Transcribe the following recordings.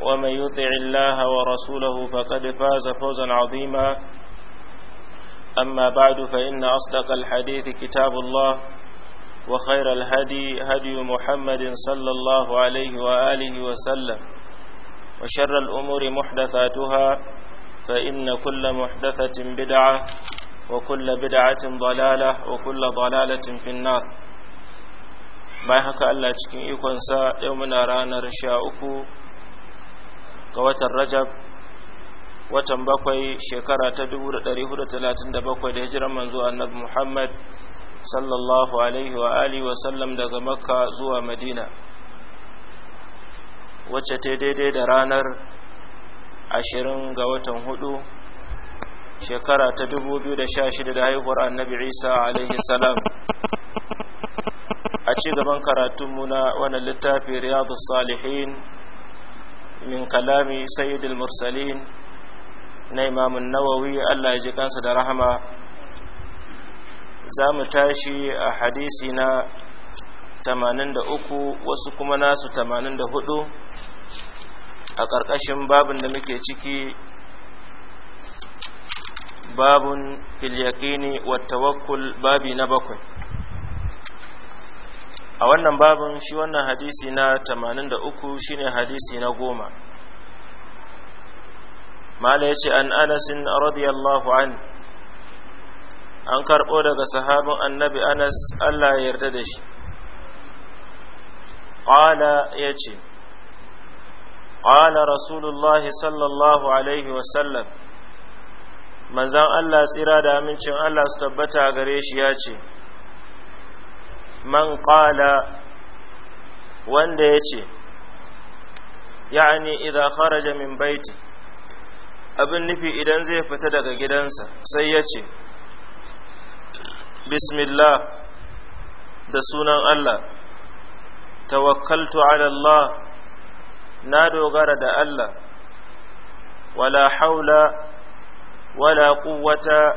ومن يطع الله ورسوله فقد فاز فوزا عظيما أما بعد فإن أصدق الحديث كتاب الله وخير الهدي هدي محمد صلى الله عليه وآله وسلم وشر الأمور محدثاتها فإن كل محدثة بدعة وكل بدعة ضلالة وكل ضلالة في النار ما هكا الله تشكي يكون سا يومنا رانا رشاء ga watan rajab watan bakwai shekara ta 1437 da hijiran manzo annabi Muhammad sallallahu alaihi wa alihi wa sallam daga Makka zuwa Madina wacce ta daidai da ranar 20 ga watan hudu shekara ta 2016 da haihuwar annabi Isa alaihi salam a ci gaban karatunmu na wannan littafi riyadu salihin min kalami sayyidul mursalin na imamun nawawi Allah ya ji kansa da rahama za mu tashi a hadisi na 83 wasu kuma nasu 84 a ƙarƙashin babin da muke ciki babun fil yaqini wat tawakkul babi na bakwai a wannan babin shi wannan hadisi na 83 shine hadisi na goma mala ce an anas radiyallahu an an karɓo daga sahabin annabi anas Allah ya yarda da shi ya ce. qala rasulullahi sallallahu alaihi wasallam manzon Allah tsira da amincin Allah su tabbata gare shi ce. man qala wanda ya ce ya'ani idza kharaja min baiti abin nufi idan zai fita daga gidansa sai ya ce bismillah da sunan Allah tawakkaltu ala Allah na dogara da Allah wala haula wala quwwata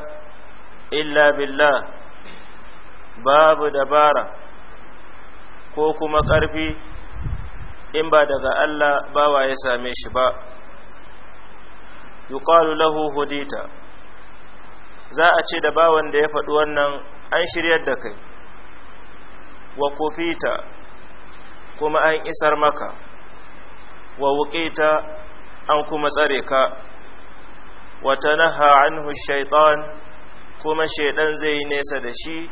illa billah babu dabara ko kuma ƙarfi in ba daga Allah bawa ya same shi ba yuqalu lahu hudita za a ce da bawan da ya faɗi wannan an shiryar da kai wa kufita kuma an isar maka wa wuƙita an kuma tsare ka wa tanaha anhu shaitan kuma shaidan zai nesa da shi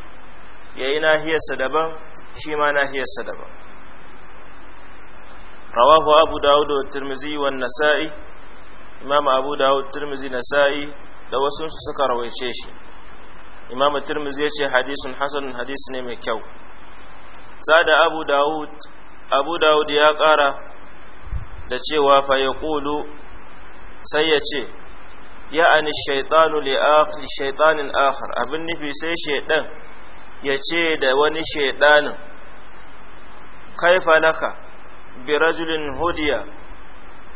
yayi nahiyarsa daban shi ma nahiyarsa daban rawahu abu dawud wa tirmizi wa nasa'i imam abu dawud tirmizi nasa'i da wasu su suka rawaice shi imam tirmizi ya ce hadisun hasanun hadis ne mai kyau sada abu dawud abu dawud ya kara da cewa fa Kulu sai ya ce ya'ani shaytanu li akhir shaitanin akhar abin nufi sai shaitan ya ce da wani shaidanin kaifa laka bi rajulin hudiya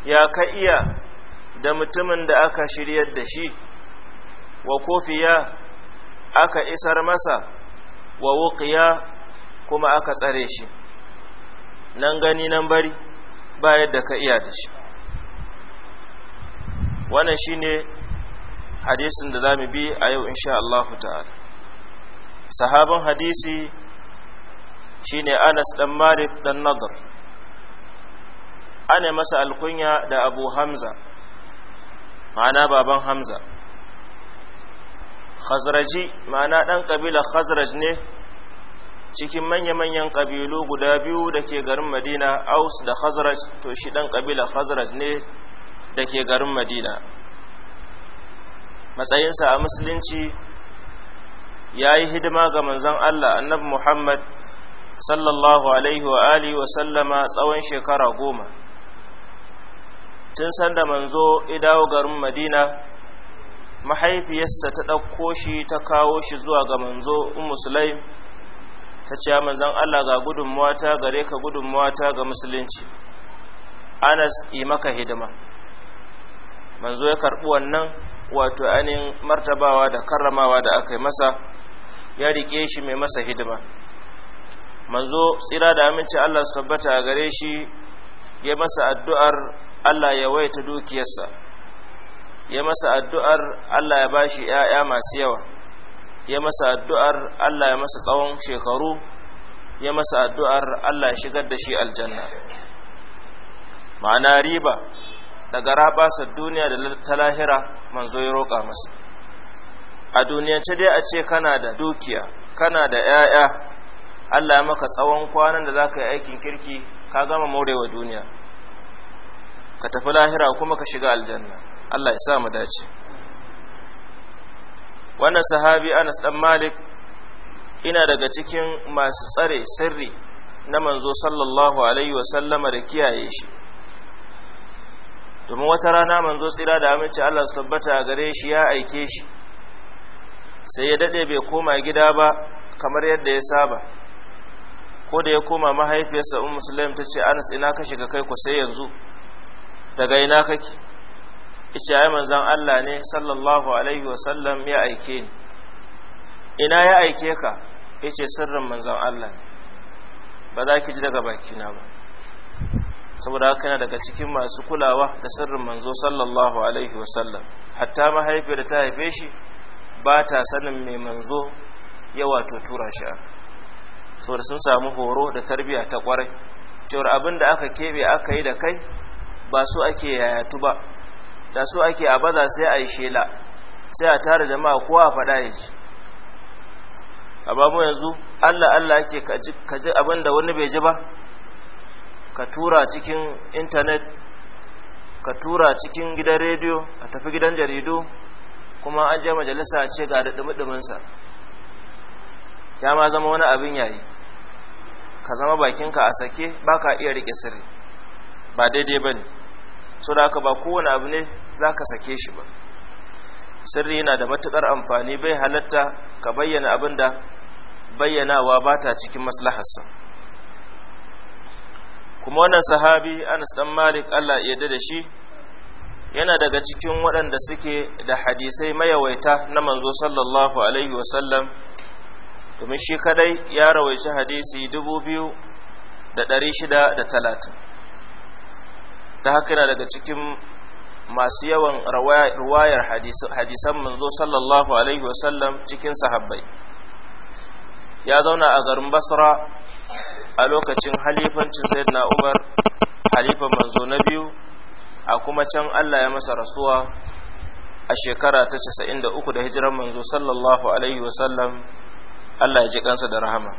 ya ka iya da mutumin da aka shiryar da shi wa kofiya aka isar masa wa wuƙiya kuma aka tsare shi nan gani nan bari ba yadda ka iya da shi wannan shine hadisin da za mu bi a yau insha Allah ta'ala sahabin hadisi shine Anas dan Malik dan Nadr ana masa alkunya da Abu Hamza ma'ana baban Hamza Khazraji ma'ana dan kabila Khazraj ne cikin manya-manyan kabilu guda biyu da ke garin Madina Aus da Khazraj to shi dan kabila Khazraj ne da ke garin Madina matsayinsa a musulunci ya yi hidima ga manzon Allah annabi Muhammad sallallahu alaihi wa alihi wa sallama tsawon shekara goma tun sanda manzo idawo garin madina mahaifiyarsa ta ɗauko shi ta kawo shi zuwa ga manzo ummu ta ce manzon Allah ga gudunmuwa gare ka gudunmuwa ga musulunci anas yi maka hidima manzo ya karɓi wannan wato anin martabawa da karramawa da aka yi masa ya rike shi mai masa hidima manzo tsira da aminci Allah su tabbata a gare shi ya masa addu'ar Allah ya waita dukiyarsa ya masa addu'ar Allah ya ba shi ‘ya'ya masu yawa ya masa addu'ar Allah ya masa tsawon shekaru ya masa addu'ar Allah ya shigar da shi aljanna ma'ana riba daga rabasar duniya da ta lahira manzo ya roƙa masa a duniyance dai a ce kana da dukiya kana da 'ya'ya Allah ya maka tsawon kwanan da za ka yi aikin kirki ka gama morewa duniya ka tafi lahira kuma ka shiga aljanna Allah ya sa mu dace wannan sahabi Anas dan Malik ina daga cikin masu tsare sirri na manzo sallallahu alaihi wa sallama da kiyaye shi domin wata rana manzo tsira da aminci Allah su tabbata a gare shi ya aike shi sai ya daɗe bai koma gida ba kamar yadda ya saba ko da ya koma mahaifiyarsa un musulaim ta ce anas ina ka shiga kai ku sai yanzu daga ina kake ice ai manzon Allah ne sallallahu alaihi wa sallam ya aike ni ina ya aike ka yace sirrin manzon Allah ne ba za ki ji daga bakina ba saboda haka yana daga cikin masu kulawa da sirrin manzo sallallahu alaihi wasallam hatta mahaifiyar da ta haife shi ba ta sanin mai manzo ya wato tura shi a saboda sun samu horo da tarbiyya ta kwarai cewar abin da aka keɓe aka yi da kai ba su ake yayatu ba da su ake a baza sai a yi shela sai a tara jama'a kowa a faɗa ya ji a babu yanzu allah allah ake kaji abin da wani bai ji ba ka tura cikin intanet ka tura cikin gidan rediyo a tafi gidan jaridu kuma an je majalisa ce ga da dumi-duminsa ya ma zama wani abin yayi ka zama bakinka a sake ba ka iya rike sirri ba daidai ba ne so da haka ba kowane abu ne za ka sake shi ba sirri yana da matuƙar amfani bai halatta ka bayyana abin da bayyanawa ba ta cikin maslaharsa kuma wannan sahabi anas dan malik allah ya yarda da shi yana daga cikin waɗanda suke da hadisai mayawaita na manzo sallallahu alaihi wa sallam domin shi kadai ya rawaici hadisi dubu biyu da ɗari shida da talatin ta haka yana daga cikin masu yawan ruwayar hadisan manzo sallallahu alaihi wa sallam cikin sahabbai ya zauna a garin basra a lokacin halifancin na umar halifan manzo na biyu a kuma can allah ya masa rasuwa a shekara ta casa'in da uku da hijiran manzo sallallahu alaihi wasallam allah ya ji kansa da rahama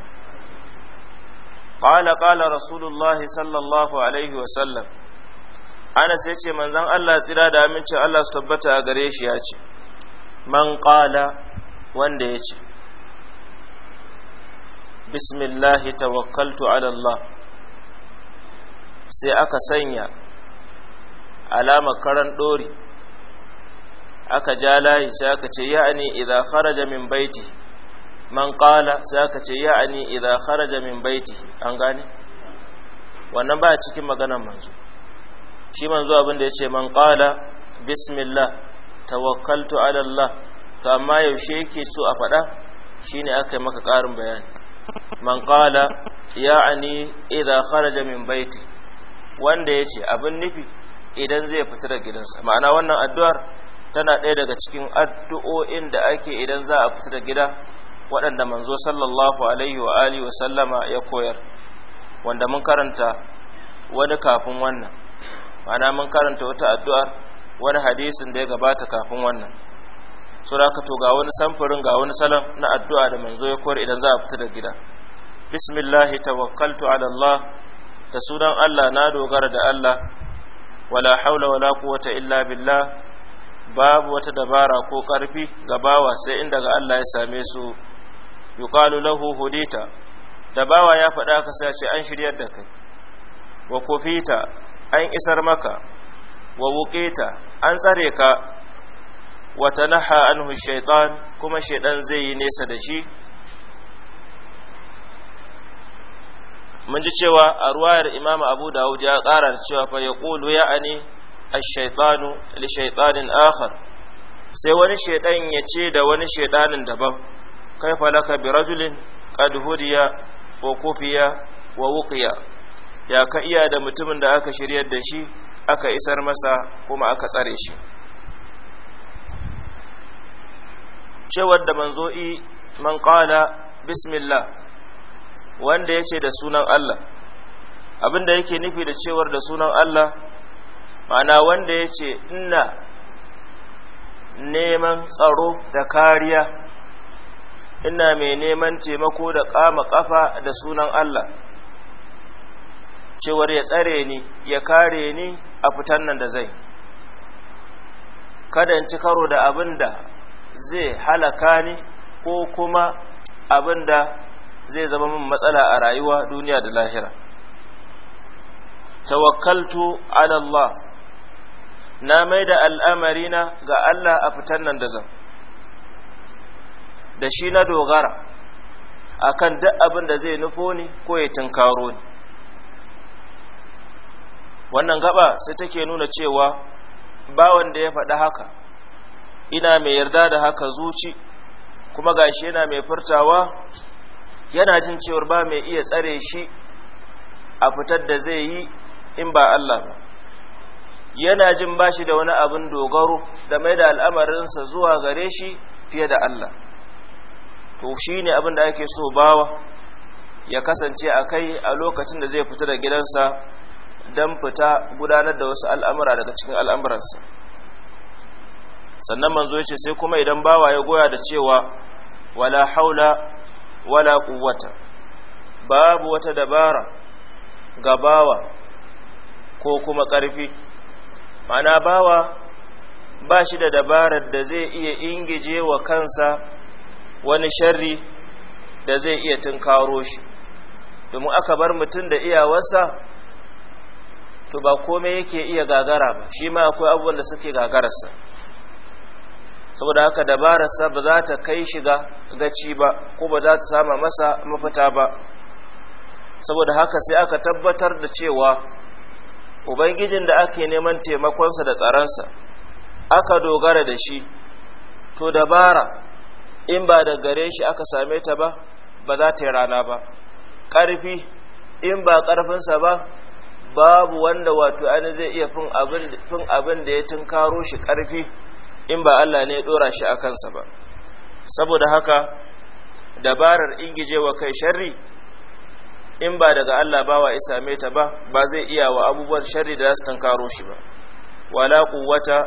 قال قال رسول الله صلى الله عليه وسلم ana sai ce manzan Allah tsira da amincin Allah su tabbata a gare shi ya ce man ƙala wanda ya ce bismillahi tawakkaltu ala Allah sai aka sanya alama karan ɗori aka ja layi sai aka ce ya'ani idza kharaja min baiti man qala sai aka ce ya'ani idza kharaja min baiti an gane wannan ba cikin maganar manzo shi manzo abin da yace man qala bismillah tawakkaltu ala Allah to amma yaushe yake so a faɗa shine aka yi maka ƙarin bayani man qala ya'ani idza kharaja min baiti wanda yace abin nufi idan zai fita da gidansa ma'ana wannan addu'ar tana ɗaya daga cikin addu'o'in da ake idan za a fita da gida waɗanda manzo sallallahu alaihi wa alihi wa sallama ya koyar wanda mun karanta wani kafin wannan ma'ana mun karanta wata addu'ar wani hadisin da ya gabata kafin wannan so da to ga wani samfurin ga wani salam na addu'a da manzo ya koyar idan za a fita da gida bismillahi tawakkaltu ala Allah da sunan Allah na dogara da Allah wala haula wala quwwata illa billah babu wata dabara ko karfi ga bawa sai inda ga Allah ya same su yuqalu lahu hudita da bawa ya faɗa ka sai ce an shiryar da kai wa kufita an isar maka wa wuqita an tsare ka wa tanaha anhu shaitan kuma shaitan zai yi nesa da shi mun ji cewa a ruwayar imam abu dawud ya ƙara cewa fa ya ƙulu ya ani ashaitanu li shaitanin akhar sai wani shaitan ya ce da wani shaitanin daban kai falaka bi rajulin qad hudiya wa kufiya wa wuqiya ya ka iya da mutumin da aka shiryar da shi aka isar masa kuma aka tsare shi cewar da manzo'i man qala bismillah wanda yace da sunan Allah abinda yake nufi da cewar da sunan Allah ma'ana wanda yace ina neman tsaro da kariya ina mai neman taimako da kama kafa da sunan Allah cewar ya tsare ni ya kare ni a fitan nan da zai kada in ci karo da abin da zai halaka ni ko kuma abin da zai zama min matsala a rayuwa duniya da lahira tawakkaltu ala Allah na mai da al'amarina ga Allah a fitan nan da zan da shi na dogara akan duk abin da zai nufo ni ko ya tunkaro ni wannan gaba sai take nuna cewa ba da ya faɗi haka ina mai yarda da haka zuci kuma gashi yana mai furtawa yana jin cewar ba mai iya tsare shi a fitar da zai yi in ba Allah ba yana jin bashi da wani abin dogaro da mai da al'amarinsa zuwa gare shi fiye da Allah to shi ne abin da ake so bawa ya kasance a kai a lokacin da zai fita da gidansa don fita gudanar da wasu al'amura daga cikin al'amuransa sannan manzo ya ce sai kuma idan bawa ya goya da cewa wala haula wala quwwata babu wata dabara ga bawa ko kuma ƙarfi mana bawa ba shi da dabarar da zai iya ingije wa kansa wani sharri da zai iya tunkaro shi domin aka bar mutum da iyawarsa to ba kome yake iya gagara ba shi ma akwai abubuwan da suke gagararsa saboda haka dabararsa ba za ta kai shiga gaci ba ko ba za ta sama masa mafita ba saboda haka sai aka tabbatar da cewa ubangijin da ake neman taimakonsa da tsaronsa aka dogara da shi to dabara in ba da gare shi aka same ta ba ba za ta yi rana ba ƙarfi in ba ƙarfinsa ba babu wanda wato ainihin zai iya fin abin da ya tunkaro shi ƙarfi in ba Allah ne ya dora shi a kansa ba saboda haka dabarar ingije wa kai sharri in ba daga Allah bawa ya same ta ba ba zai iya wa abubuwan sharri da za su tankaro shi ba wala quwwata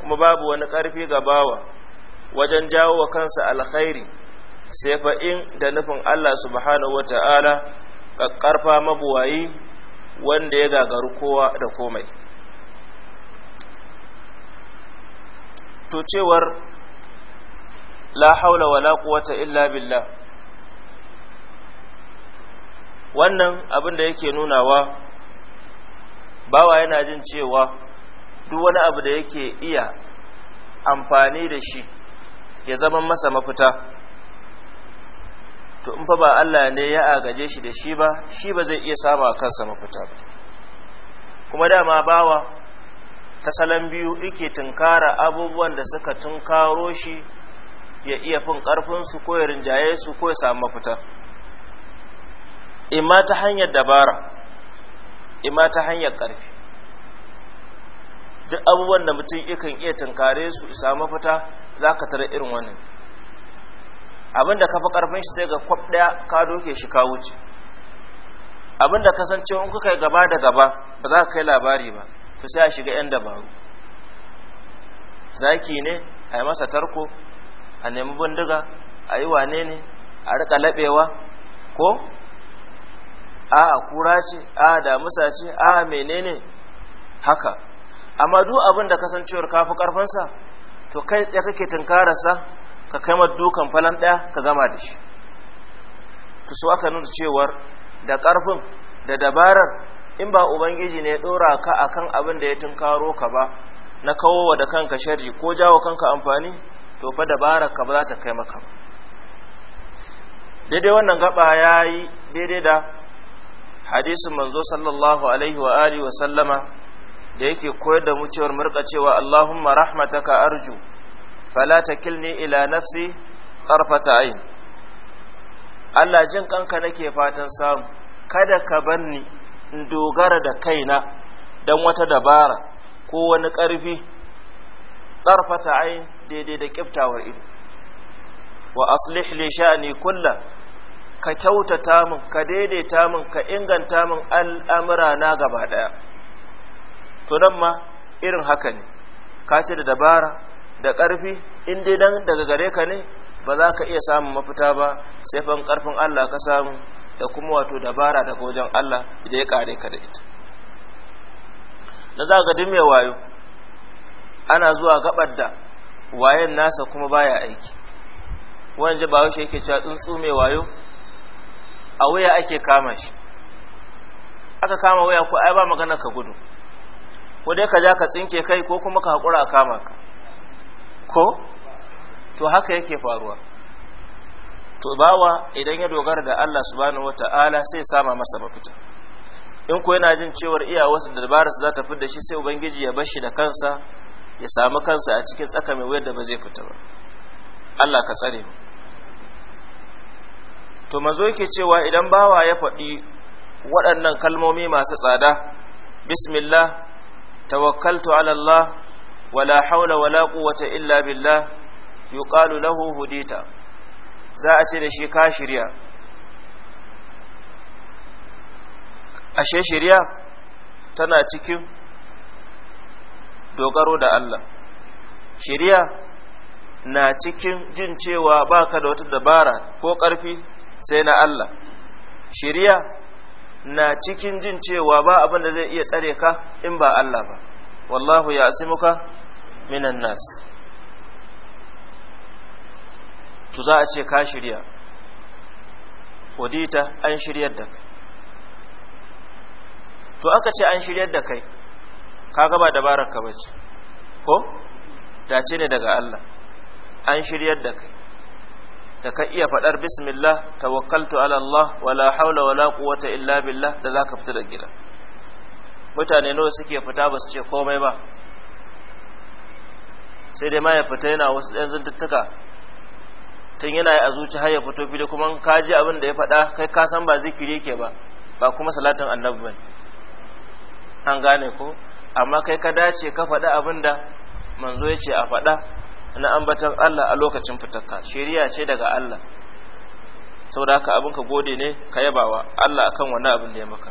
kuma babu wani ƙarfi ga bawa wajen jawo wa kansa alkhairi sai fa in da nufin Allah subhanahu wata'ala ƙarfa mabuwayi wanda ya gagaru kowa da komai to cewar la haula wala quwwata illa billah wannan abin da yake nunawa bawa yana jin cewa duk wani abu da yake iya amfani da shi ya zama masa mafita to in fa ba Allah ne ya agaje shi da shi ba shi ba zai iya samu a kansa mafita ba kuma dama bawa ta salon biyu yake tunkara abubuwan da suka tunkaro shi ya iya fin ƙarfinsu ko ya rinjaye su ko ya samu mafita imma ta hanyar dabara imma ta hanyar ƙarfi duk abubuwan da mutum yakan iya tunkare su samu mafita za ka tara irin wannan abin da ka fi ƙarfin shi sai ga kwab ɗaya ka doke shi ka wuce abin da kasancewa in kuka yi gaba da gaba ba za ka kai labari ba Ku sai a shiga 'yan dabaru zaki ne a yi masa tarko a nemi bindiga a yi wane ne a rika laɓewa ko a a kura ce a damusa ce a menene haka amma duk abin da kasancewar kafi karfansa to kai ya kake tunkararsa ka kai dukan falon ɗaya ka gama da shi to su aka nuna cewar da karfin da dabarar in ba ubangiji ne dora ka akan abin da ya tunkaro ka ba na kawowa da kanka sharri ko jawo kanka amfani to fa dabara ka ba za ta kai maka daidai wannan gaba yayi daidai da hadisin manzo sallallahu alaihi wa alihi wa sallama da yake koyar da mu cewar murka cewa Allahumma rahmataka arju fala takilni ila nafsi tarfata ayn Allah jin kanka nake fatan samu kada ka banni in dogara da kaina don wata dabara ko wani ƙarfi tsarfata ayin daidai da ƙiftawar ido wa aslih li sha'ani kullum ka kyautata min ka daidaita min ka inganta min al'amura na gaba ɗaya to nan ma irin haka ne ka ce da dabara da ƙarfi in dai dan daga gare ka ne ba za ka iya samun mafita ba sai fan ƙarfin Allah ka samu da kuma wato dabara daga wajen Allah da ya kare ka da ita na za ga mai wayo ana zuwa gabar da wayan nasa kuma baya aiki wanda ba wuce yake cewa tsuntsu mai wayo a waya ake kama shi aka kama waya ko ai ba magana ka gudu ko dai ka ja ka tsinke kai ko kuma ka hakura a kama ka ko to haka yake faruwa to bawa idan ya dogara da Allah subhanahu wata'ala sai sama masa mafita in ko yana jin cewar iyawarsa da su za ta fidda shi sai ubangiji ya bashi da kansa ya samu kansa a cikin tsaka mai wayar da ba zai fita ba Allah ka tsare mu to mazo yake cewa idan bawa ya faɗi waɗannan kalmomi masu tsada bismillah tawakkaltu ala Allah wala haula wala quwwata illa billah yuqalu lahu hudita za a ce da shi ka shirya ashe shirya tana cikin dogaro da Allah shirya na cikin jin cewa baka da wata dabara ko ƙarfi sai na Allah shirya na cikin jin cewa ba abin da zai iya tsare ka in ba Allah ba wallahu ya asimuka minan nas to za a ce ka shirya udita an shiryar da kai to aka ce an shiryar da kai ka gaba dabarar ka bace ko dace ne daga Allah an shiryar da kai da ka iya faɗar bismillah tawakkaltu ala Allah wala haula wala quwwata illa billah da zaka fita da gida mutane nawa suke fita ba su ce komai ba sai dai ma ya fita yana wasu ɗan zantuttuka tun yana a zuci har ya fito fili kuma ka ji abin da ya faɗa kai ka san ba zikiri yake ba ba kuma salatin annabi bane an gane ko amma kai ka dace ka faɗi abin da manzo ya ce a faɗa na ambatan Allah a lokacin fitarka shari'a ce daga Allah saboda haka abin ka gode ne ka yabawa Allah akan wannan abin da ya maka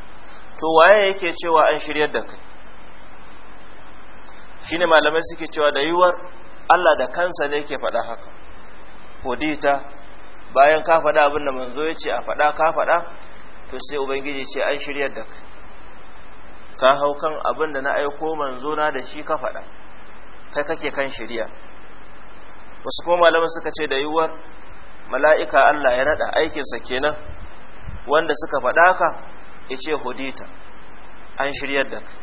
to waye yake cewa an shiryar da kai shine malamai suke cewa da yiwuwar Allah da kansa ne yake faɗa haka hudita bayan ka faɗa abin da manzo ya ce a faɗa ka faɗa to sai ubangiji ce an shiryar da ka hau kan abin da na aiko manzo na da shi ka faɗa kai kake kan shirya wasu kuma malaman suka ce da yiwuwar mala'ika Allah ya naɗa aikinsa kenan wanda suka faɗa ka ya ce hudita an shiryar da ka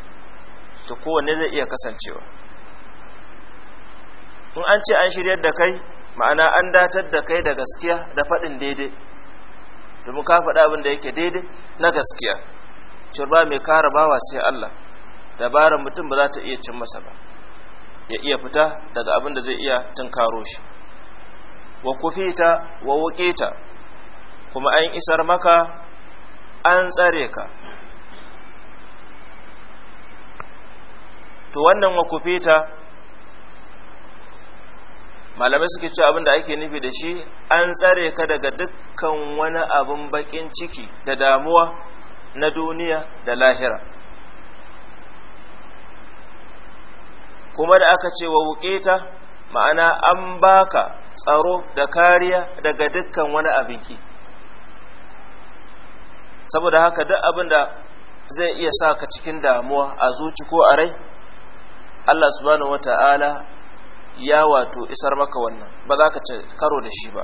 to kowanne zai iya kasancewa in an ce an shiryar da kai ma'ana an datar da kai da gaskiya da faɗin daidai domin ka faɗa abin da yake daidai na gaskiya curba mai kara bawa sai Allah dabarar mutum ba za ta iya cin masa ba ya iya fita daga abin da zai iya tunkaro shi wa kufita wa ta kuma an isar maka an tsare ka to wannan wa kufita malamai suke cewa abin da ake nufi da shi an tsare ka daga dukkan wani abin bakin ciki da damuwa na duniya da lahira kuma da aka ce wa wuketa ma'ana an baka tsaro da kariya daga dukkan wani abin ki, saboda haka duk abin da zai iya sa ka cikin damuwa a zuci ko a rai Allah subhanahu wata'ala ya wato isar maka wannan ba za ka ci karo da shi ba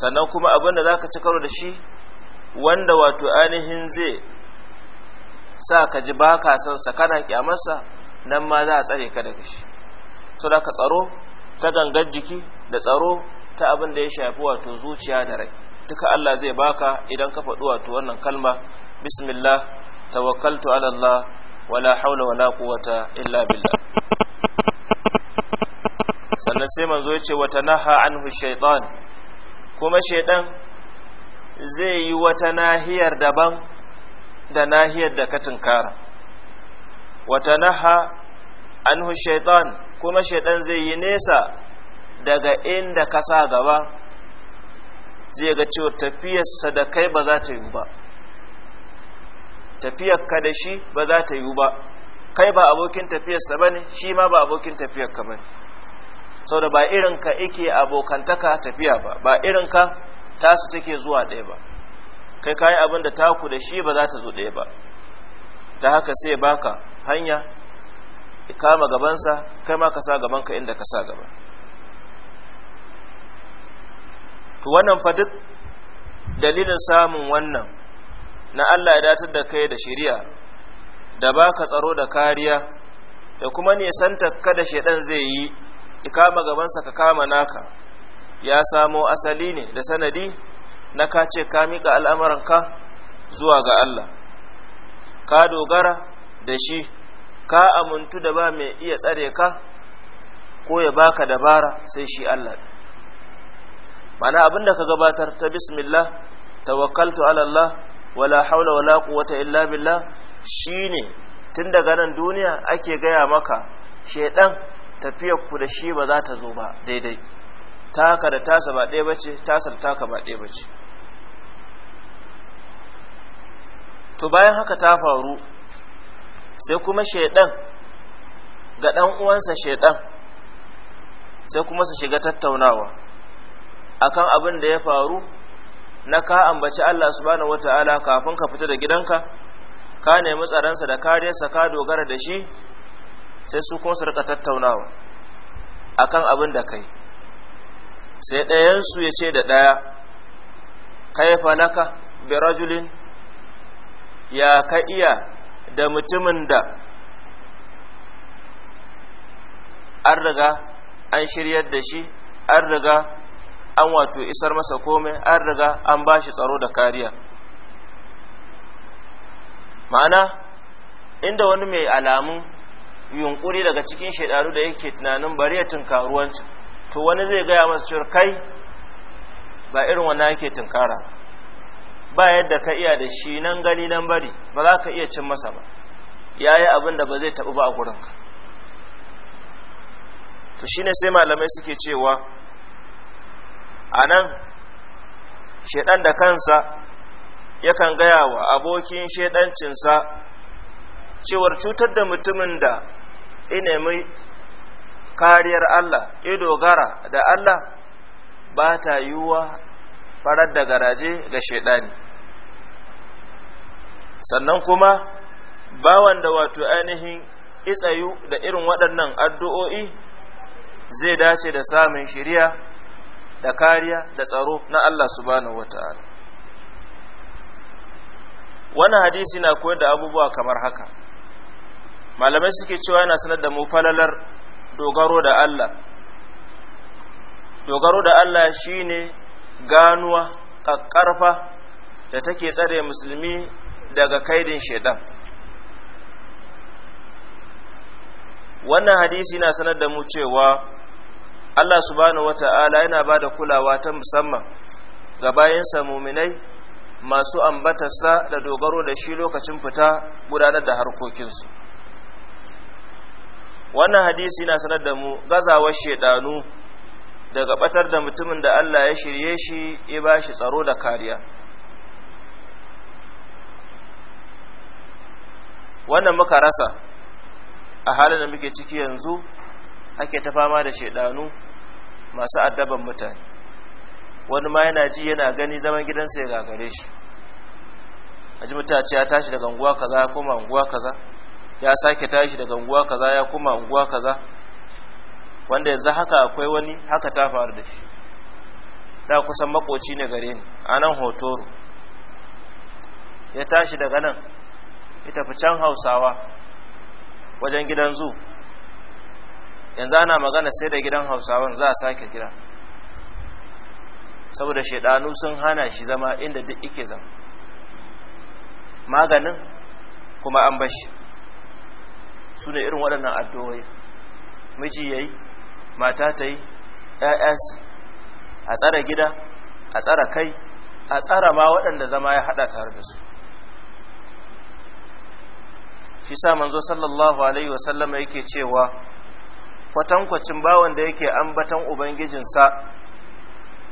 sannan kuma abin da za ka ci karo da shi wanda wato ainihin zai sa ka ji ba ka son sa kana kyamarsa nan ma za a tsare ka daga shi to da ka tsaro ta gangar jiki da tsaro ta abin da ya shafi wato zuciya da rai duka Allah zai baka idan ka faɗi wato wannan kalma bismillah tawakkaltu ala Allah wala haula wala quwwata illa billah sannan sai manzo ya ce wata naha anhu shaitan kuma shaitan zai yi wata nahiyar daban da nahiyar da ka tinkara. wata naha anhu shaitan kuma shaitan zai yi nesa daga inda ka sa gaba zai ga cewa tafiyarsa da kai ba za ta yi ba tafiyarka da shi ba za ta yi ba kai ba abokin tafiyarsa ba ne shi ma ba abokin tafiyarka ba ne sau da ba irinka ike abokantaka tafiya ba ba irinka tasu take zuwa ɗaya ba kai kayi abin da taku da shi ba za ta zo ɗaya ba ta haka sai baka hanya kama gabansa kai ma ka sa gabanka inda ka sa gaba to wannan fa duk dalilin samun wannan na Allah ya datar da kai da shari'a da baka tsaro da kariya da kuma nisantar ka da shaidan zai yi ya kama gabansa ka kama naka ya samo asali ne da sanadi na ka ce ka miƙa al'amuranka zuwa ga Allah ka dogara da shi ka amintu da ba mai iya tsare ka ko ya baka dabara sai shi Allah mana abin da ka gabatar ta bismillah tawakkaltu ala Allah wala haula wala quwwata illa billah shine tun daga nan duniya ake gaya maka shedan tafiyar ku da shi ba za ta zo ba daidai taka da tasa ba ɗaya bace tasa da taka ba ɗaya bace to bayan haka ta faru sai kuma shaidan ga ɗan uwansa shaidan sai kuma su shiga tattaunawa akan abin da ya faru na ka ambaci Allah subhanahu wata'ala kafin ka fita da gidanka ka nemi tsaransa da kariyarsa ka dogara da shi sai su ko su rika tattaunawa akan abin da kai sai ɗayansu ya ce da ɗaya kaifa naka bi rajulin ya ka iya da mutumin da an riga an shiryar da shi an riga an wato isar masa komai an riga an ba shi tsaro da kariya ma'ana inda wani mai alamun yunkuri daga cikin shaidaru da yake tunanin bari ya tunkaruwanci to wani zai gaya masa cewa kai ba irin wannan yake tunkara ba yadda ka iya da shi nan gani nan bari ba za ka iya cin masa ba ya yi abin da ba zai taɓa ba a gurin ka. to shine sai malamai suke cewa a nan shaidan da kansa yakan gaya wa abokin shaidancinsa cewar cutar da mutumin da nemi kariyar Allah ya dogara da Allah ba ta yiwuwa farar da garaje ga shaidani sannan kuma bawan da wato ainihin itsayu da irin waɗannan addu'o'i zai dace da samun shirya da kariya da tsaro na Allah subhanahu wata'ala wannan hadisi na koyar da abubuwa kamar haka malamai suke cewa yana sanar da mu falalar dogaro da Allah dogaro da Allah shine ganuwa ƙaƙƙarfa da take tsare musulmi daga kaidin shaidan wannan hadisi na sanar da mu cewa Allah subhanahu wata'ala yana ba da kulawa ta musamman ga bayansa muminai masu ambatarsa da dogaro da shi lokacin fita gudanar da harkokinsu wannan hadisi na sanar da mu gazawar shaidanu daga batar da mutumin da Allah ya shirye shi ya ba shi tsaro da kariya wannan muka rasa a halin da muke ciki yanzu ake ta fama da shaidanu masu addaban mutane wani ma yana ji yana gani zaman gidansa ya gagare shi a ji ya tashi daga unguwa kaza koma unguwa kaza ya sake tashi daga unguwa kaza ya kuma unguwa kaza wanda yanzu haka akwai wani haka ta faru da shi da kusan makoci ne gare ni a nan hoto ya tashi daga nan ya tafi can hausawa wajen gidan zu yanzu ana magana sai da gidan hausawan za a sake gida saboda shaidanu sun hana shi zama inda duk ike zama maganin kuma an bashi su ne irin waɗannan addu'o'i miji ya yi mata ta yi ‘ya'yansu a tsara gida a tsara kai a tsara ma waɗanda zama ya haɗa tare da su shi sa manzo sallallahu alaihi wasallama yake cewa kwatankwacin bawan da yake ambatan ubangijinsa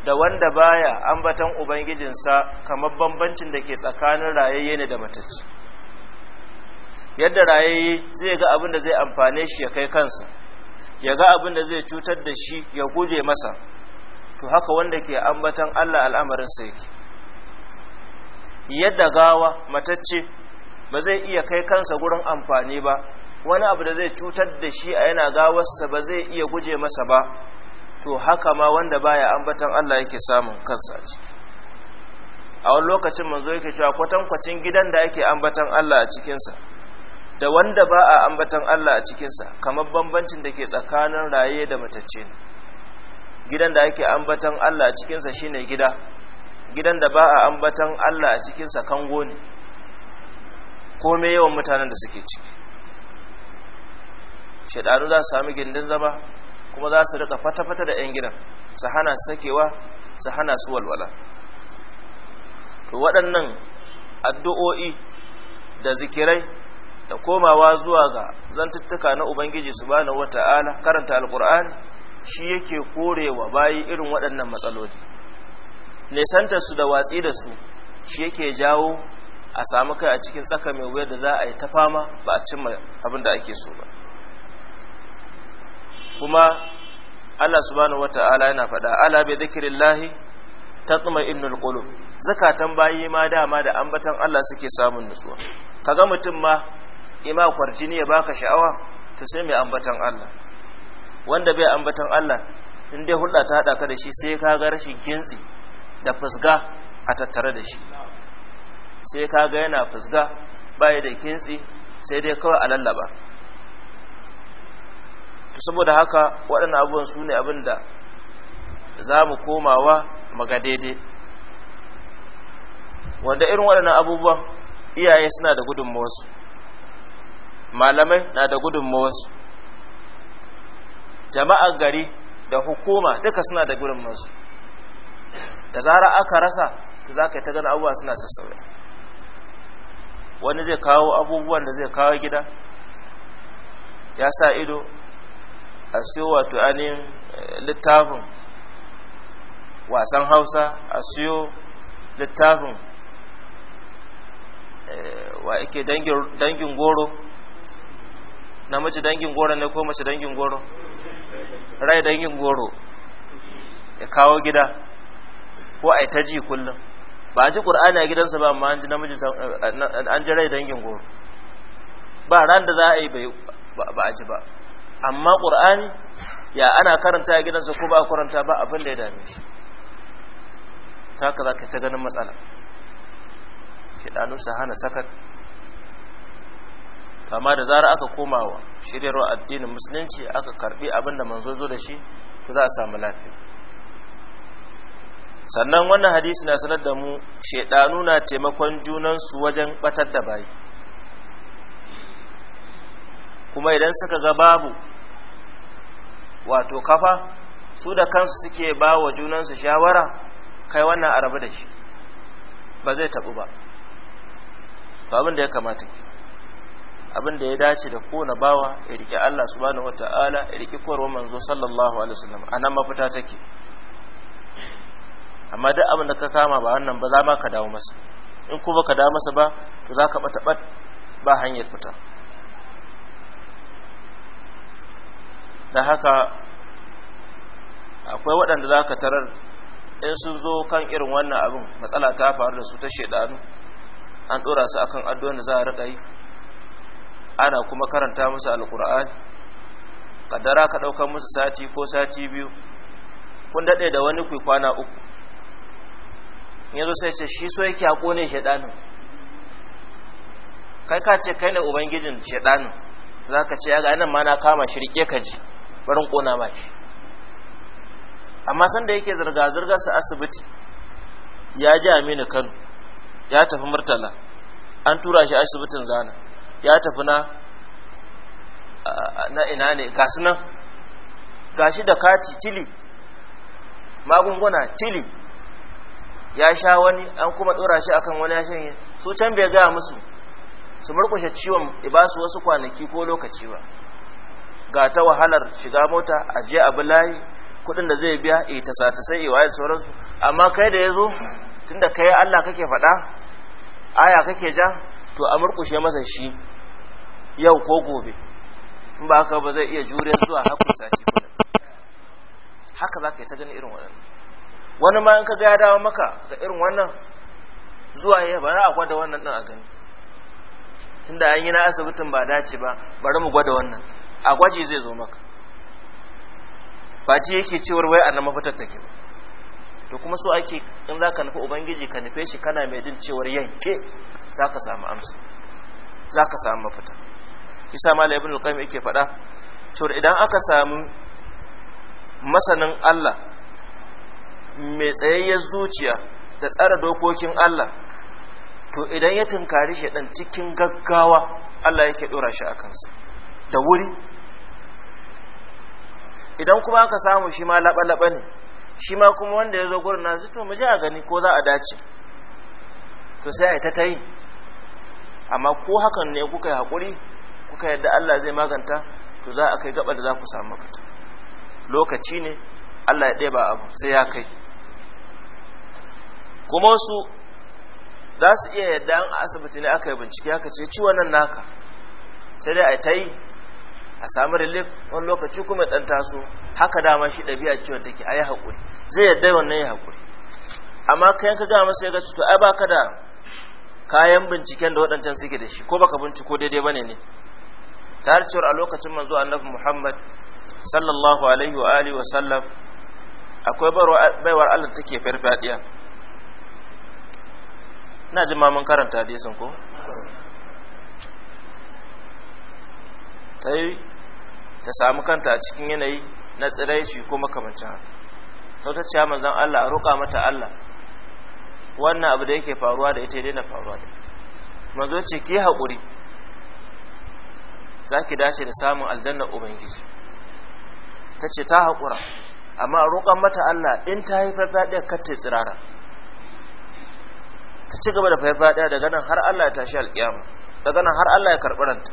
da wanda baya ambatan ubangijinsa kamar bambancin da ke tsakanin rayayye ne da matacci yadda rayayye zai ga abin da zai amfane shi ya kai kansa ya ga abin da zai cutar da shi ya guje masa to haka wanda ke ambatan Allah al'amarin sa yake yadda gawa matacce ba zai iya kai kansa gurin amfani ba wani abu da zai cutar da shi a yana gawarsa ba zai iya guje masa ba to haka ma wanda baya ambatan Allah yake samun kansa ciki a wani lokacin manzo yake cewa kwatankwacin gidan da ake ambatan Allah a cikinsa da wanda ba a ambatan Allah a cikinsa kamar bambancin da ke tsakanin raye da matacce ne gidan da ake ambatan Allah a cikinsa shi ne gida gidan da ba a ambatan Allah a cikinsa kango ne mai yawan mutanen da suke ciki shaɗanu za su sami gindin zama kuma za su rika fata-fata da 'yan gidan su hana sakewa su hana su walwala to waɗannan addu'o'i da zikirai da komawa zuwa ga zantuttuka na ubangiji subhanahu wata'ala karanta alqur'ani shi yake korewa bayi irin waɗannan matsaloli nesanta su da watsi da su shi yake jawo a samu kai a cikin tsaka mai wuyar da za a yi ta fama ba a cimma abin da ake so ba kuma Allah subhanahu wata'ala yana faɗa ala bi dhikrillahi tatma'innul qulub zakatan bayi ma dama da ambatan Allah suke samun nutsuwa kaga mutum ma ima kwarjini ya baka sha'awa to sai mai ambatan Allah wanda bai ambatan Allah in dai hulɗa ta haɗa ka da shi sai ka ga rashin kintsi da fusga a tattare da shi sai ka ga yana fusga baya da kintsi sai dai kawai a lallaba to saboda haka waɗannan abubuwan su ne abin da za mu komawa maga daidai wanda irin waɗannan abubuwan iyaye suna da gudunmawarsu malamai na da gudunmawarsu jama'ar gari da hukuma duka suna da gudunmawarsu da zara aka rasa su za ka yi ta gani abubuwa suna sassauya wani zai kawo abubuwan da zai kawo gida ya sa ido a siyo wato ainihin eh, littafin wasan hausa a siyo littafin eh, wa ake dangin goro namiji dangin goro ne ko mace dangin goro rai dangin goro ya kawo gida ko a ta ji kullum ba a ji ƙur'ani a gidansa ba amma an ji namiji eh, an ji rai dangin goro ba ran da za a yi ba a ji ba amma ƙur'ani ya ana karanta a gidansa ko ba a karanta ba abin da ya dame shi ta ka za ka ta ganin matsala Shi su hana sakat kama da zara aka koma wa shiryarwa addinin musulunci aka karbi abin da manzo zo da shi to za a samu lafiya sannan wannan hadisi na sanar da mu shaidanu na taimakon junansu wajen batar da bayi kuma idan suka ga babu wato kafa su da kansu suke ba wa junansu shawara kai wannan a da shi ba zai taɓu ba to abin da ya kamata ke abin da ya dace da kowane bawa ya rike Allah subhanahu wata'ala ya rike koyarwar manzo sallallahu alaihi wasallam anan mafita take amma duk abin da ka kama ba wannan ba za ma ka dawo masa in ko baka dawo masa ba to za ka bata bat ba hanyar fita da haka akwai waɗanda za ka tarar in sun zo kan irin wannan abin matsala ta faru da su ta shaidanu an ɗora su akan addu'an da za a riƙa yi ana kuma karanta musu alkur'ani kadara ka ɗaukar musu sati ko sati biyu kun daɗe da wani ku kwana uku yanzu sai ce shi so yake haƙo ne shaɗanin kai ka ce kai ne ubangijin shaɗanin za ka ce ya ga nan ma na kama shi riƙe ka ji barin ƙona ma shi amma sanda yake zirga-zirgar sa asibiti ya ji aminu kano ya tafi murtala an tura shi asibitin zana ya tafi na na ina ne gasu nan gashi da kati tili magunguna tili ya sha wani an kuma dora shi akan wani ya shanye su can bai gaya musu su murkushe ciwon ba su wasu kwanaki ko lokaci ba ga ta wahalar shiga mota ajiye abu layi kudin da zai biya e tasa ta sai iwaye sauransu amma kai da ya zo tunda kai Allah kake faɗa aya kake ja to a murkushe masa shi yau ko gobe in ba haka ba zai iya jure zuwa haƙƙin sati ba haka za ka yi ta gani irin wannan. wani ma in ka ga ya dawo maka ga irin wannan zuwa ya ba za a gwada wannan ɗin a gani tunda an yi na asibitin ba dace ba bari mu gwada wannan a gwaji zai zo maka ba ci yake cewar wai a na mafitar take ba to kuma so ake in za ka nufi ubangiji ka nufe shi kana mai jin cewar yanke za ka samu amsa za ka samu mafita shi sa mala ibn al-qayyim yake faɗa cewar idan aka samu masanin Allah mai tsayayyar zuciya da tsara dokokin Allah to idan ya tunkari shi dan cikin gaggawa Allah yake dora shi a kansa da wuri idan kuma aka samu shi ma laɓa-laɓa ne shi ma kuma wanda ya zo gurin nasu to mu ji a gani ko za a dace to sai a ta ta yi amma ko hakan ne kuka yi haƙuri kuka yadda Allah zai maganta to za a kai gaba da za ku samu mafita lokaci ne Allah ya ɗeba abu sai ya kai kuma su za su iya yadda an asibiti ne aka yi bincike aka ce ciwon nan naka sai dai a ta yi a samu relief wani lokaci kuma dan taso haka dama shi ɗabi'a ciwon take a yi haƙuri zai yadda wannan ya haƙuri amma kayan ka gama ya ga to ai ba ka da kayan binciken da waɗancan suke da shi ko baka binciko daidai bane ne har cewa a lokacin manzo annabi muhammad sallallahu alaihi wa alihi wa sallam akwai baiwar allah take farfadiya na jima mun karanta hadisin ko ta yi ta samu kanta a cikin yanayi na tsiraici ko makamancin haka sau ta ce manzan Allah a roƙa mata Allah wannan abu da yake faruwa da ita daina faruwa da manzo ce ki haƙuri za ki dace da samun aljannar ubangiji ta ce ta haƙura amma a roƙon mata Allah in ta yi farfaɗiya kar ta tsirara ta ci gaba da farfaɗiya daga nan har Allah ya tashi alƙiyama daga nan har Allah ya karɓi ranta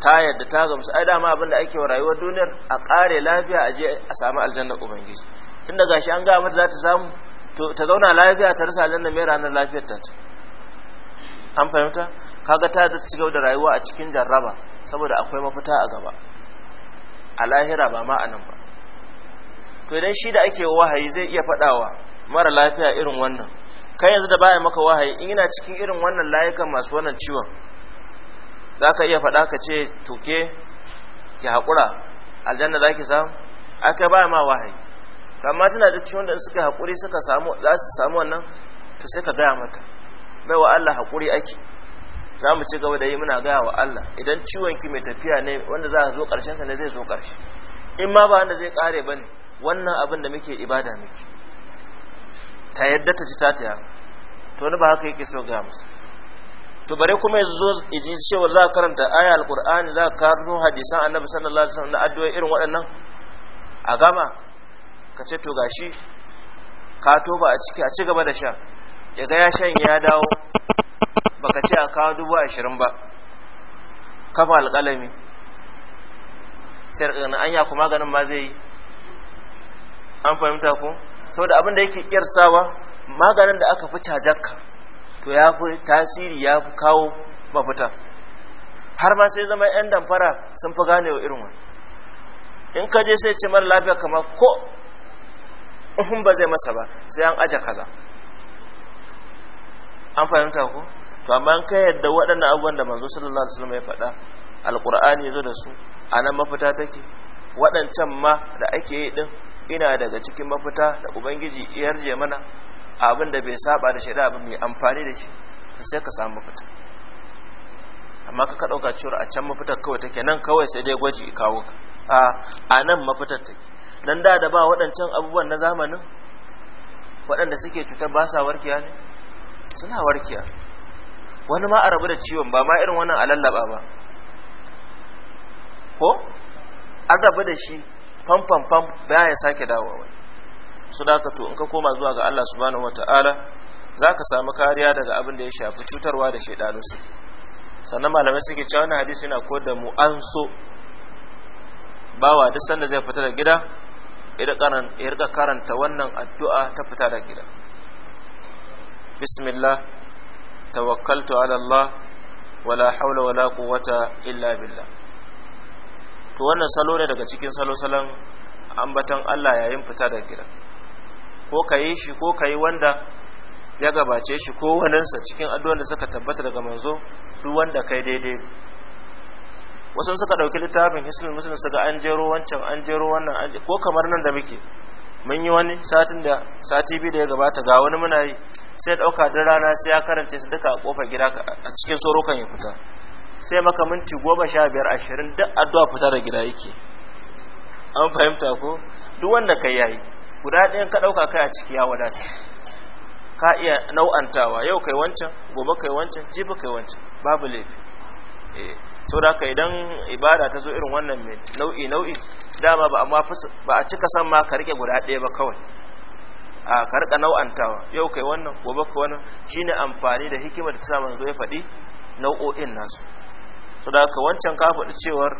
ta yadda ta gamsu ai dama abin da ake wa rayuwar duniyar a kare lafiya a je a samu aljanna ubangiji tun da gashi an ga mata za ta samu to ta zauna lafiya ta rasa aljannar mai ranar lafiyar ta an fahimta kaga ta da cigaba da rayuwa a cikin jarraba saboda akwai mafita a gaba a lahira ba ma a ba to idan shi da ake wahayi zai iya faɗawa mara lafiya irin wannan kai yanzu da baya maka wahayi in yana cikin irin wannan layukan masu wannan ciwon za ka iya faɗa ka ce tuke ki haƙura aljanna za ki samu aka ba ma wahayi amma tana da cikin da suka haƙuri suka samu za su samu wannan to sai ka gaya mata bai wa Allah haƙuri ake za mu ci gaba da yi muna gaya wa Allah idan ciwon ki mai tafiya ne wanda za a zo ƙarshen sa ne zai zo ƙarshe in ma ba wanda zai ƙare bane wannan abin da muke ibada miki ta yadda ta ji ta ta to ni ba haka yake so ga musu to bare kuma ya zo iji cewa za ka karanta aya alkur'ani za ka karno hadisan annabi sallallahu alaihi wasallam da addu'o'i irin waɗannan a gama ka ce to gashi ka toba a ciki a ci gaba da sha ya ga ya shan ya dawo baka ce a kawo dubu ashirin ba kafa alƙalami sai na anya kuma ganin ma zai yi an fahimta ko saboda abin da yake ƙirsawa maganin da aka fi cajakka to ya fi tasiri ya fi kawo mafita har ma sai zama 'yan damfara sun fi gane wa irin wani in ka je sai ce mara lafiya kama ko in ba zai masa ba sai an aja kaza an fahimta ko to amma an kai yadda waɗannan abubuwan da manzo sallallahu alaihi wasallam ya faɗa alqur'ani zo da su a nan mafita take waɗancan ma da ake yi ɗin ina daga cikin mafita da ubangiji iyarje mana abin da bai saba da shari'a abin mai amfani da shi sai ka samu mafita amma ka ɗauka cewar a can mafita kawai take nan kawai sai dai gwaji kawo ka a nan mafita take nan da da ba waɗancan abubuwan na zamanin waɗanda suke cutar ba sa warkiya ne suna warkiya wani ma a rabu da ciwon ba ma irin wannan a lallaba ba ko an rabu da shi fam fam fam ba ya sake dawowa wani su to in ka koma zuwa ga Allah subhanahu wata'ala za ka samu kariya daga abin da ya shafi cutarwa da shaidanu su sannan malamai suke cewa wannan hadisi yana koyar da mu an so bawa duk sanda zai fita da gida ya rika karanta wannan addu'a ta fita da gida bismillah tawakkaltu ala Allah wala haula wala quwwata illa billah to wannan salo ne daga cikin salo salon ambatan Allah yayin fita da gida ko ka yi shi ko ka yi wanda ya gabace shi ko waninsa cikin addu'an da suka tabbata daga manzo duk wanda kai daidai wasu suka ɗauki littafin hisnul musulun suka an jero wancan an jero wannan ko kamar nan da muke mun yi wani satin da sati biyu da ya gabata ga wani muna yi sai ɗauka da rana sai ya karance su duka a kofar gida a cikin tsoro kan ya fita sai maka minti goma sha biyar ashirin duk addu'a fita da gida yake an fahimta ko duk wanda kai yayi guda ɗayan ka ɗauka kai a ciki ya wadata ka iya nau'antawa yau kai wancan gobe kai wancan jibi kai wancan babu laifi eh, sau da idan ibada ta zo irin wannan mai nau'i nau'i dama ba amma ba a cika san ma ka rike guda ɗaya ba kawai a ka rika nau'antawa yau kai wannan gobe kai wannan shine amfani da hikimar ta samu zo ya faɗi nau'o'in nasu sau da wancan ka faɗi cewar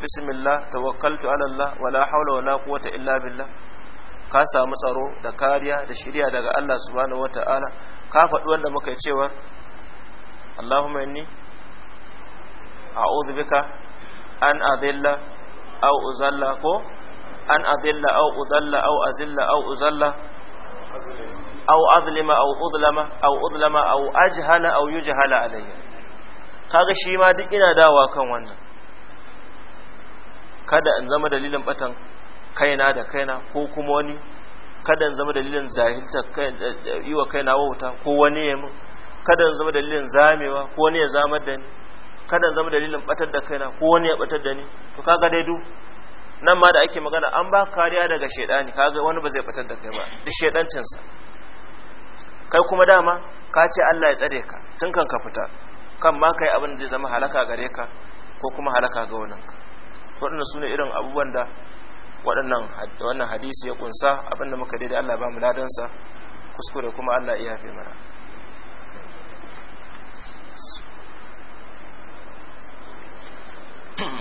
bismillah tawakkaltu ala Allah wala hawla wala quwwata illa billah ka samu tsaro da kariya da shirya daga Allah subhanahu wata'ala ka faɗi wanda muka yi cewa Allahumma inni a'udhu bika an adilla aw uzalla ko an adilla aw udalla aw azilla aw uzalla aw azlima aw udlama aw udlama aw ajhala aw yujhala alayya kaga shi ma duk ina dawa kan wannan kada in zama dalilin batan kaina da kaina ko kuma wani kadan zama dalilin zahilta eh, yi wa kaina wauta ko wani ya mun kadan zama dalilin zamewa ko wani ya zamar da ni kadan zama dalilin batar da kaina ko wani ya batar da ni to kaga dai du nan ma da ake magana an ba kariya daga shedani kaga wani ba zai batar da kai ba duk sa kai kuma dama ka ce Allah ya tsare ka tun kan ka fita kan ma kai abin da zai zama halaka gare ka ko kuma halaka ga wannan ka waɗannan su ne irin abubuwan da waɗannan wannan hadisi ya kunsa abinda muka daidai Allah ba mu ladansa kuskure kuma Allah iya fi mana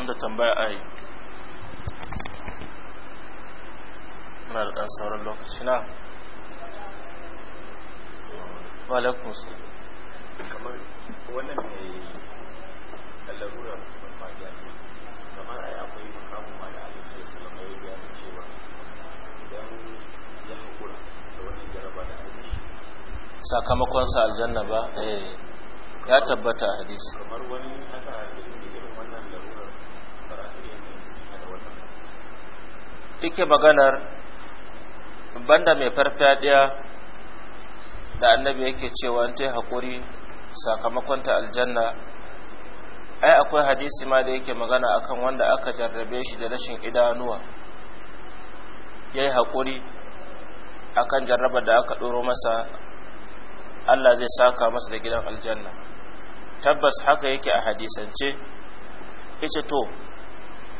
da tambaya ai na da ɗan sauran lokaci na wa alaikum kamar wannan ne eh, lalura sakamakonsa aljanna ba eh, ya tabbata a hadisi kamar wani haka hadisi da irin wannan larurar karatu da yake da wannan Ike maganar banda mai farfadiya da annabi yake cewa an ta haƙuri sakamakon ta aljanna ai akwai hadisi ma da yake magana akan wanda aka jarrabe shi da rashin idanuwa ya yi haƙuri akan jarraba da aka ɗoro masa Allah zai saka masa da gidan aljanna tabbas haka yake a hadisance yace to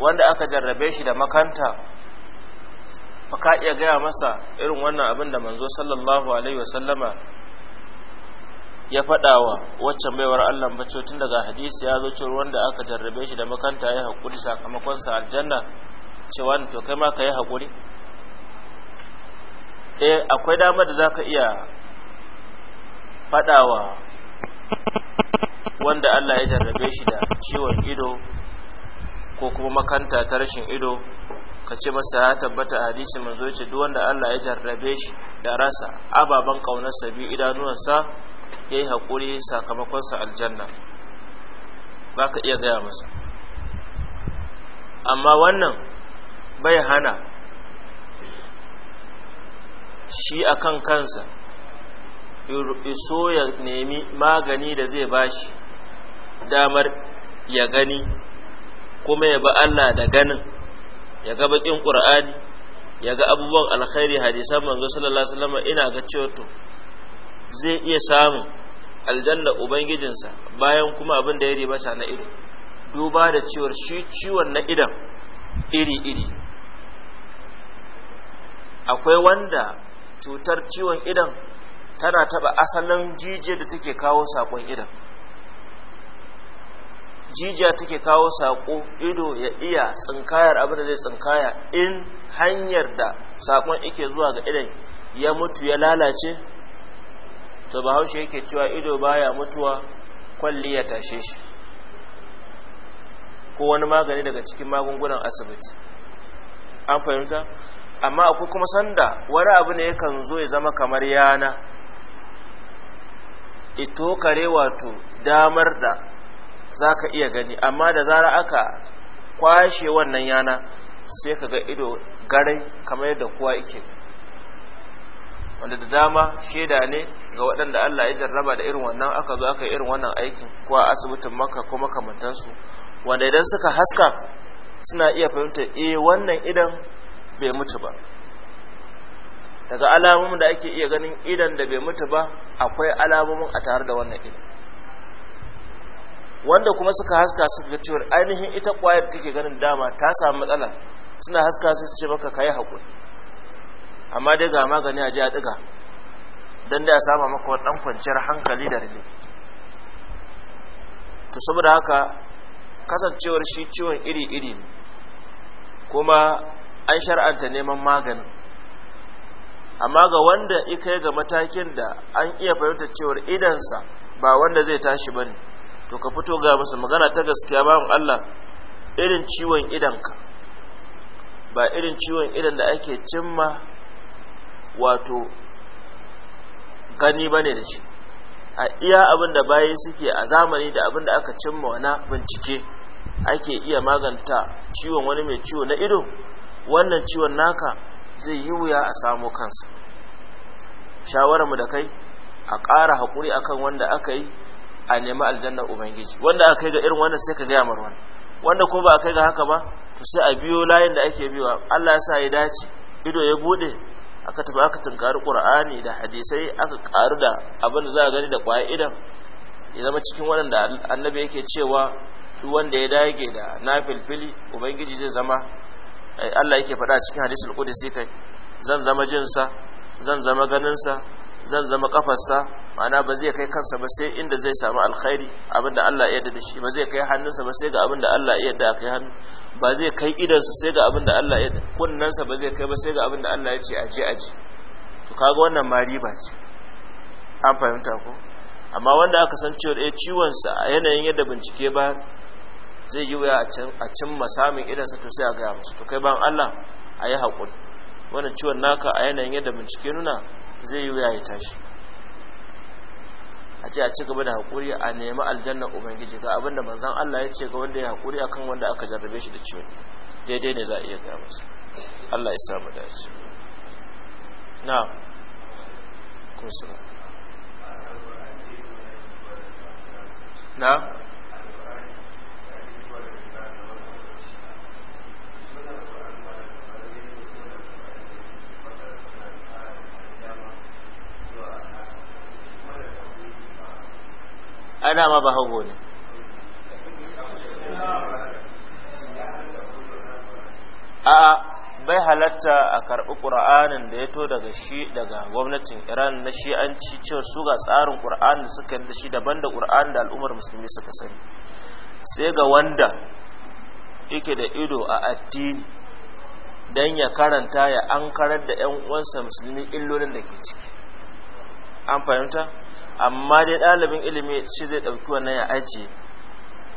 wanda aka jarrabe shi da makanta ba ka iya gaya masa irin wannan abin da manzo sallallahu alaihi wasallama ya faɗawa waccan baiwar Allah bace tun daga hadisi ya zo cewa wanda aka jarrabe shi da makanta ya hakuri sakamakon sa aljanna cewa to kai ma ka yi hakuri eh akwai dama da zaka iya fadawa wanda Allah ya jarrabe shi da ciwon ido ko kuma makanta ta rashin ido ka ce masa ya tabbata hadisi manzo yace duk wanda Allah ya jarrabe shi da rasa ababan kaunar idanuwan idanuwansa yayi hakuri sakamakon sa aljanna zaka iya gaya masa amma wannan bai hana shi akan kansa iso ya nemi magani da zai bashi damar ya gani kuma ya ba Allah da ganin ya ga bakin Qur'ani ya ga abubuwan alkhairi hadisan manzo sallallahu alaihi wasallam ina ga cewa to zai iya samun aljanna ubangijinsa bayan kuma abin da ya sa na ido duba da cewa shi ciwon na idan iri-iri akwai wanda cutar ciwon idan tana taba asalin jijiyar da take kawo sakon idan jijiya take kawo sako ido ya iya tsinkayar abin da zai tsinkaya in hanyar da sakon yake zuwa ga idan ya mutu ya lalace to bahaushe yake cewa ido baya mutuwa kwalli ya tashe shi ko wani magani daga cikin magungunan asibiti an fahimta amma akwai kuma sanda wani abu ne yakan zo ya zama kamar yana ito kare wato damar da za ka iya gani amma da zara aka kwashe wannan yana sai ka ga ido garai kamar yadda kuwa ike. wanda da dama shaida ne ga waɗanda Allah ya jarraba da irin wannan aka zo aka yi irin wannan aikin ko a asibitin maka ko makamantansu wanda idan suka haska suna iya fahimta e eh, wannan idan bai mutu ba daga alamomin da ake iya ganin idan da bai mutu ba akwai alamomin a tare da wannan idan wanda kuma suka haska su ga cewar ainihin ita kwayar take ganin dama ta samu matsala suna haska su ce maka kayi hakuri amma dai ga magani a ji a diga dan da ya sama maka ɗan kwanciyar hankali da rili to saboda haka kasancewar shi ciwon iri-iri ne kuma an shar'anta neman maganin amma ga wanda ika ga matakin da an iya fahimtar cewar idansa ba wanda zai tashi ba ne to ka fito ga masa magana ta gaskiya bawan Allah irin ciwon idanka ba irin ciwon idan da ake cimma wato gani ba ne da shi a iya abin da bayi suke a zamani da abin da aka cimma wana bincike ake iya maganta ciwon wani mai ciwo na ido wannan ciwon naka zai yi wuya a samu kansa shawararmu da kai a ƙara haƙuri akan wanda aka yi a nemi aljannar ubangiji wanda aka yi ga irin wannan sai ka gaya marwan wanda ko ba a kai ga haka ba to sai a biyo layin da ake biwa Allah ya sa ya dace ido ya bude aka tafi aka tunkari qur'ani da hadisai aka karu da abin da za a gani da kwaye ya zama cikin waɗanda annabi yake cewa duk wanda ya dage da na fili-fili ubangiji zai zama Allah yake faɗa cikin hadisul qudsi kai zan zama jinsa zan zama ganinsa zan zama kafarsa ma'ana ba zai kai kansa ba sai inda zai samu alkhairi abinda Allah ya yarda da shi ba zai kai hannunsa ba sai ga abinda Allah ya yarda kai hannu ba zai kai idansa sai ga abinda Allah ya yarda kunnansa ba zai kai ba sai ga abinda Allah ya ce aje aje to kaga wannan ma riba ce an fahimta ko amma wanda aka san cewa eh ciwon sa a yanayin yadda bincike ba zai yi wuya a cin masamin idan sa to sai a gaya musu to kai ban Allah a yi haƙuri wannan ciwon naka a yanayin yadda bincike nuna zai yi wuya ya tashi a ce a ci gaba da haƙuri a nemi aljanna ubangiji ga abinda manzon Allah ya ce ga wanda ya haƙuri akan wanda aka jarrabe shi da ciwon daidai ne za a iya gaya musu Allah ya samu dace na na dama ba hango ne a bai halatta a karɓi ƙura'anin da ya to daga shi daga gwamnatin iran na shi'anci cewa su ga tsarin ƙura'an da suka da shi daban da ƙura'an da al'ummar musulmi suka sani sai ga wanda yake da ido a addini dan ya karanta ya ankarar da 'yan uwansa musulmi illolin da ke ciki an fahimta amma dai ɗalibin ilimi shi zai ɗauki wannan ya ajiye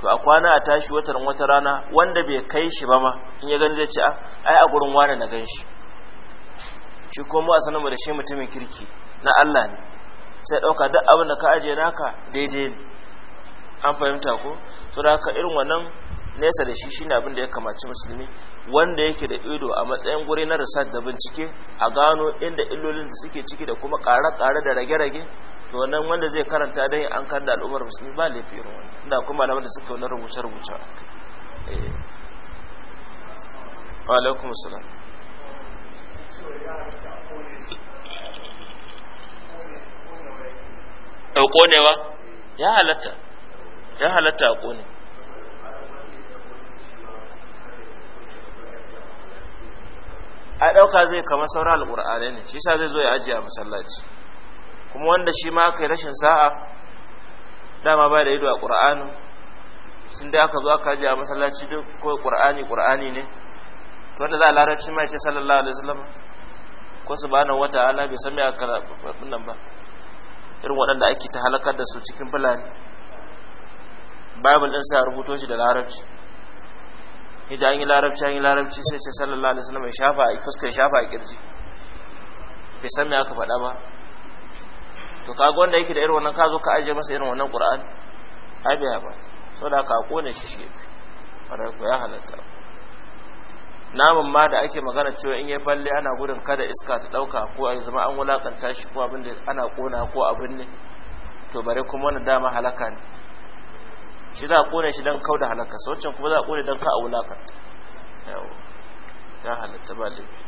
to a kwana a tashi watan wata rana wanda bai kai shi ba ma in ya gani zai ce ah, ai a gurin wani na ganshi shi shi ko mu a sanin da shi mutumin kirki na Allah ne sai ɗauka duk abin da ka ajiye naka daidai an fahimta ko so da haka irin wannan nesa da shi shine abin da ya kamaci musulmi wanda yake da ido a matsayin guri na research da bincike a gano inda illolin da suke ciki da kuma ƙare-ƙare da rage-rage to nan wanda zai karanta dai an kan da al'ummar musulmi ba laifi irin wannan inda kuma malaman da suke wani rubuce-rubuce wa eh. alaikum salam ɗauko ne ya halatta ya halatta a ƙone a ɗauka zai kama sauran alƙur'anai ne shi sa zai zo ya ajiye a masallaci kuma wanda shi ma aka yi rashin sa'a dama ba da ido a ƙur'anin sun dai aka zo aka ajiye a masallaci duk ko ƙur'ani ƙur'ani ne wanda za a larabci ma ya ce sallallahu alaihi wasallam ko su wata ala bai san me aka nan ba irin waɗanda ake ta halakar da su cikin fulani bible ɗin sai a rubuto shi da larabci ya ji an yi larabci an yi larabci sai ce sallallahu alaihi wasallam ya shafa a fuskar shafa a kirji bai san me aka faɗa ba to ga wanda yake da irin wannan ka zo ka aje masa irin wannan qur'ani ai bai ba saboda ka kone shi shi farar ya halatta namun ma da ake magana cewa in ya balle ana gudun kada iska ta dauka ko a zama an wulakanta shi ko abin da ana kona ko abin ne to bare kuma wannan dama halaka ne shi za a kone shi don kau da halakarsa wancan kuma za a kone don ka a wulaƙa. ya halatta ba laifi